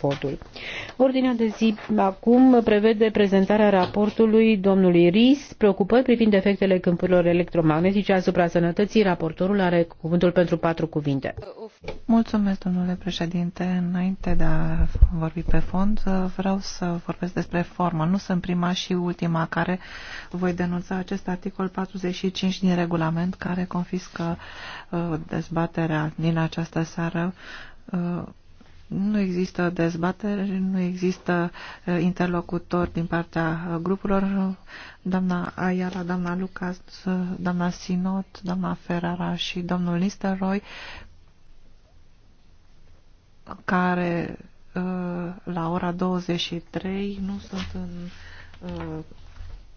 votul. Ordinea de zi acum prevede prezentarea raportului domnului Ris, preocupări privind efectele câmpurilor electromagnetice asupra sănătății. Raportorul are cuvântul pentru patru cuvinte. Mulțumesc, domnule președinte. Înainte de a vorbi pe fond, vreau să vorbesc despre formă. Nu sunt prima și ultima care voi denunța acest articol 45 din regulament care confiscă uh, dezbaterea din această seară uh, nu există dezbatere, nu există uh, interlocutor din partea uh, grupurilor. Doamna Ayala, doamna Lucas, uh, doamna Sinot, doamna Ferrara și domnul Nisteroi, care la ora 23 nu sunt în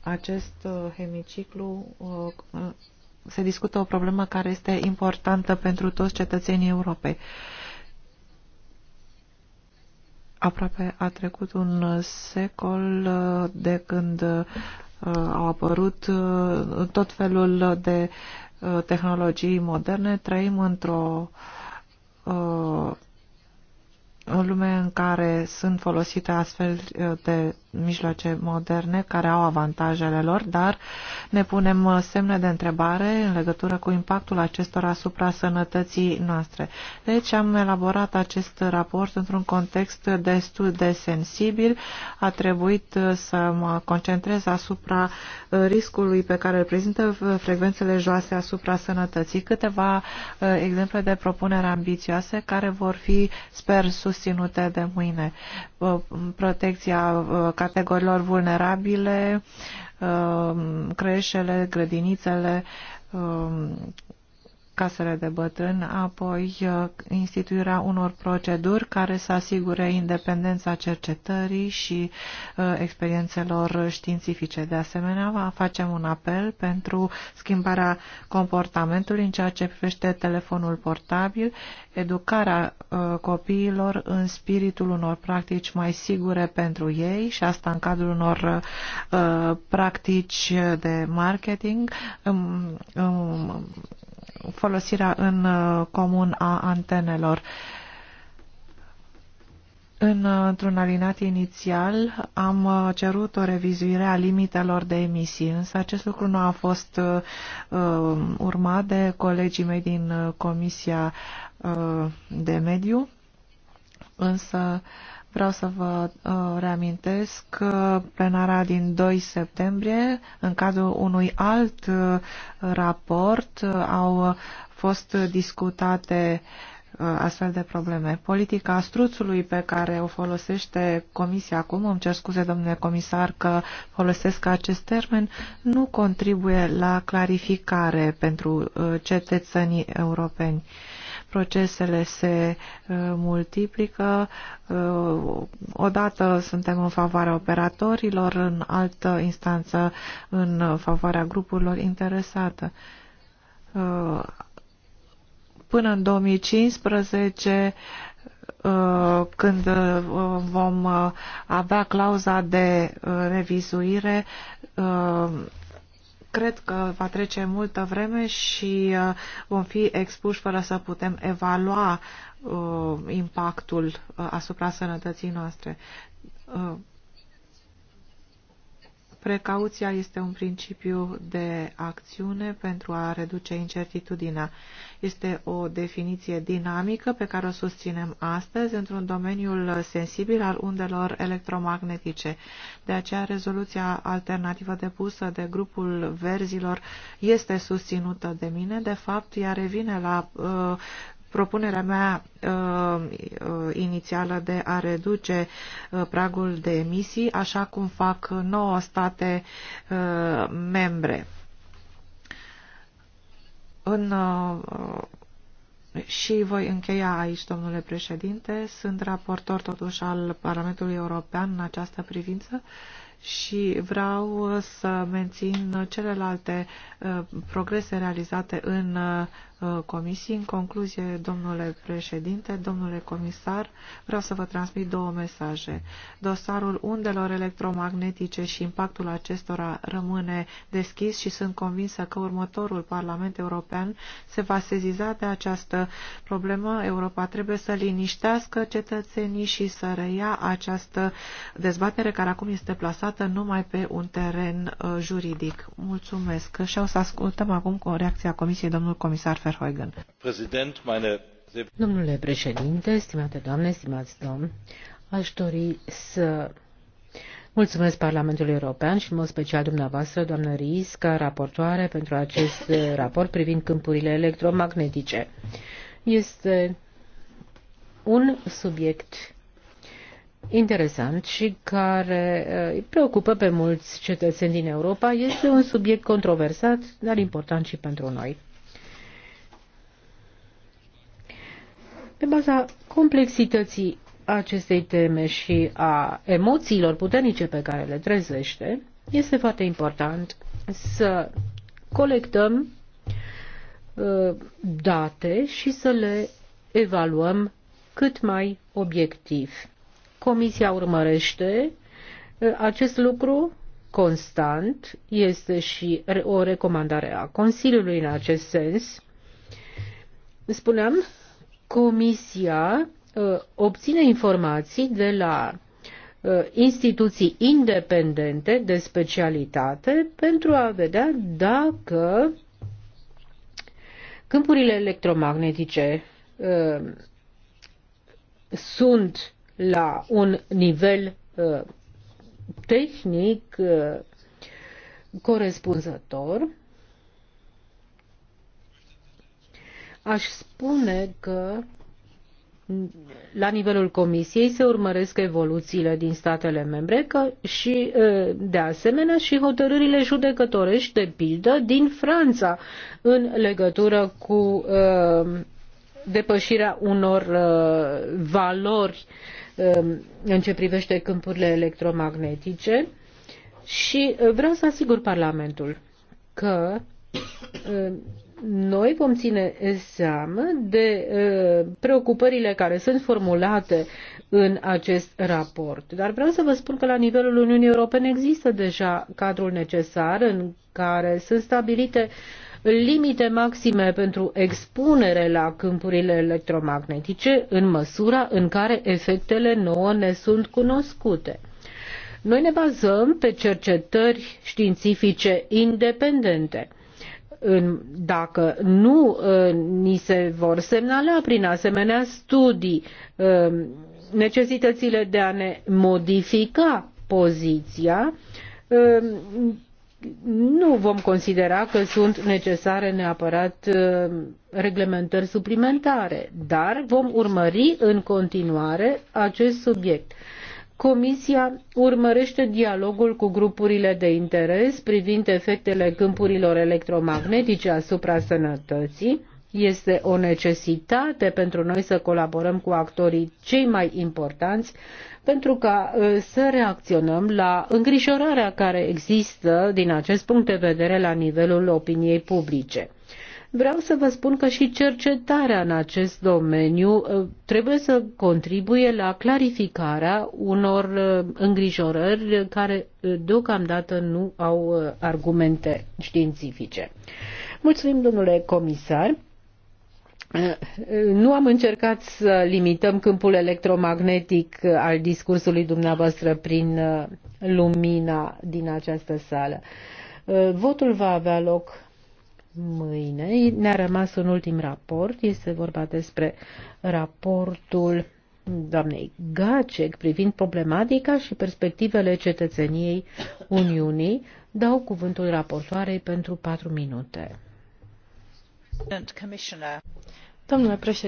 acest hemiciclu se discută o problemă care este importantă pentru toți cetățenii Europei. Aproape a trecut un secol uh, de când uh, au apărut uh, tot felul de tehnologii moderne. Trăim într-o o lume în care sunt folosite astfel uh, de mijloace moderne care au avantajele lor, dar ne punem uh, semne de întrebare în legătură cu impactul acestora asupra sănătății noastre. Deci am elaborat acest raport într-un context destul de sensibil. A trebuit uh, să mă concentrez asupra riscului pe care îl prezintă frecvențele joase asupra sănătății. Câteva exemple de propuneri ambițioase care vor fi, sper, sus susținute de mâine. Protecția categoriilor vulnerabile, creșele, grădinițele, casele de bătrân, apoi uh, instituirea unor proceduri care să asigure independența cercetării și uh, experiențelor științifice. De asemenea, facem un apel pentru schimbarea comportamentului în ceea ce privește telefonul portabil, educarea uh, copiilor în spiritul unor practici mai sigure pentru ei și asta în cadrul unor practici de marketing um, um, folosirea în uh, comun a antenelor. În, uh, într-un alinat inițial am uh, cerut o revizuire a limitelor de emisii, însă acest lucru nu a fost uh, urmat de colegii mei din Comisia uh, de Mediu, însă Vreau să vă uh, reamintesc că plenara din 2 septembrie, în cadrul unui alt uh, raport, uh, au fost discutate uh, astfel de probleme. Politica struțului pe care o folosește Comisia acum, îmi cer scuze, domnule comisar, că folosesc acest termen, nu contribuie la clarificare pentru uh, cetățenii europeni. Uh, procesele se uh, multiplică, uh, odată suntem în favoarea operatorilor, în altă instanță în favoarea grupurilor interesate. Uh, până în 2015 când vom avea clauza de revizuire, cred că va trece multă vreme și uh, vom fi expuși fără să putem evalua uh, impactul uh, asupra sănătății noastre. Precauția este un principiu de acțiune pentru a reduce incertitudinea. Este o definiție dinamică pe care o susținem astăzi într-un domeniul sensibil al undelor electromagnetice. De aceea, rezoluția alternativă depusă de grupul verzilor este susținută de mine. De fapt, ea revine la uh, Propunerea mea uh, uh, inițială de a reduce uh, pragul de emisii, așa cum fac nouă state uh, membre. În uh, și voi încheia aici, domnule președinte. Sunt raportor totuși al Parlamentului European în această privință și vreau să mențin celelalte uh, progrese realizate în Uh, comisii. În concluzie, domnule președinte, domnule comisar, vreau să vă transmit două mesaje. Dosarul undelor electromagnetice și impactul acestora rămâne deschis și sunt convinsă că următorul Parlament European se va seziza de această problemă. Europa trebuie să liniștească cetățenii și să reia această dezbatere care acum este plasată numai pe un teren uh, juridic. Mulțumesc și o să ascultăm acum o reacție a Comisiei, domnul comisar Domnule președinte, stimate doamne, stimați domn, aș dori să Mulțumesc Parlamentului European și în mod special dumneavoastră, doamnă Ries, ca raportoare pentru acest raport privind câmpurile electromagnetice. Este un subiect interesant și care uh, îi preocupă pe mulți cetățeni din Europa. Este un subiect controversat, dar important și pentru noi. Pe baza complexității acestei teme și a emoțiilor puternice pe care le trezește, este foarte important să colectăm uh, date și să le evaluăm cât mai obiectiv. Comisia urmărește uh, acest lucru constant, este și o recomandare a Consiliului în acest sens. Spuneam Comisia uh, obține informații de la uh, instituții independente de specialitate pentru a vedea dacă câmpurile electromagnetice uh, sunt la un nivel tehnic corespunzător Aș spune că la nivelul Comisiei se urmăresc evoluțiile din statele membre că și, de asemenea, și hotărârile judecătorești, de pildă, din Franța în legătură cu depășirea unor valori în ce privește câmpurile electromagnetice și vreau să asigur Parlamentul că noi vom ține seamă de preocupările care sunt formulate în acest raport. Dar vreau să vă spun că la nivelul Uniunii Europene există deja cadrul necesar în care sunt stabilite limite maxime pentru expunere la câmpurile electromagnetice în măsura în care efectele nouă ne sunt cunoscute. Noi ne bazăm pe cercetări științifice independente dacă nu uh, ni se vor semnala prin asemenea studii uh, necesitățile de a ne modifica poziția, uh, nu vom considera că sunt necesare neapărat reglementări suplimentare, dar vom urmări în continuare acest subiect. Comisia urmărește dialogul cu grupurile de interes privind efectele câmpurilor electromagnetice asupra sănătății. Este o necesitate pentru noi să colaborăm cu actorii cei mai importanți pentru ca ă, să reacționăm la îngrijorarea care există din acest punct de vedere la nivelul opiniei publice. Vreau să vă spun că și cercetarea în acest domeniu uh, trebuie să contribuie la clarificarea unor uh, îngrijorări care uh, deocamdată nu au argumente științifice. Mulțumim, domnule comisar. Nu am încercat să limităm câmpul electromagnetic al discursului dumneavoastră prin lumina din această sală. Votul va avea loc mâine. Ne-a rămas un ultim raport, este vorba despre raportul doamnei Gacek privind problematica și perspectivele cetățeniei Uniunii. Dau cuvântul raportoarei pentru patru minute. Domnule președinte,